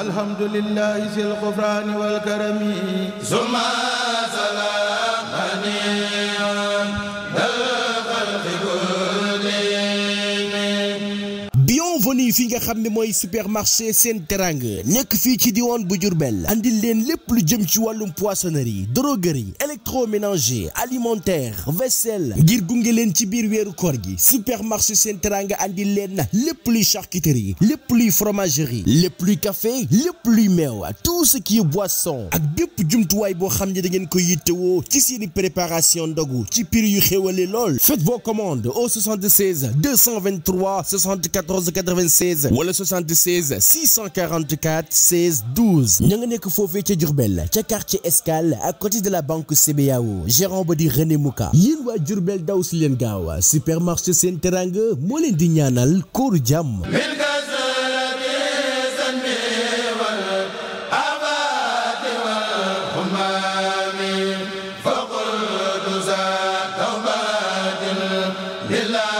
alhamdulillahi sil ghufrani wal karami venue fi nga xam ne mooy supermarché seen terang nekk fii ci diwaan bu Diourbel andil leen lépp lu jëm ci wàllum poissonnerie droguerie électroménager alimentaire vaisselle ngir gunge leen ci biir weeru koor gi supermarché seen terang andil leen na lépp luy charcuterie lépp luy fromagerie lépp luy café lépp luy meew tout ce qui est boisson ak bépp jumtuwaay boo xam ne da ngeen koy yittewoo ci seeni préparation ndogu ci prix yu xéwale lool faites vos commandes au 96 wala 76 644 16 12 ña nga nekk foofee ca Diourbel ca quartier Escale à côté de la banque CBAO gérant ba di René Mouka yéen waa Diourbel daw si leen gaaw supermarché Sen Teranga moo leen di ñaanal kóoru jàmm Yàlla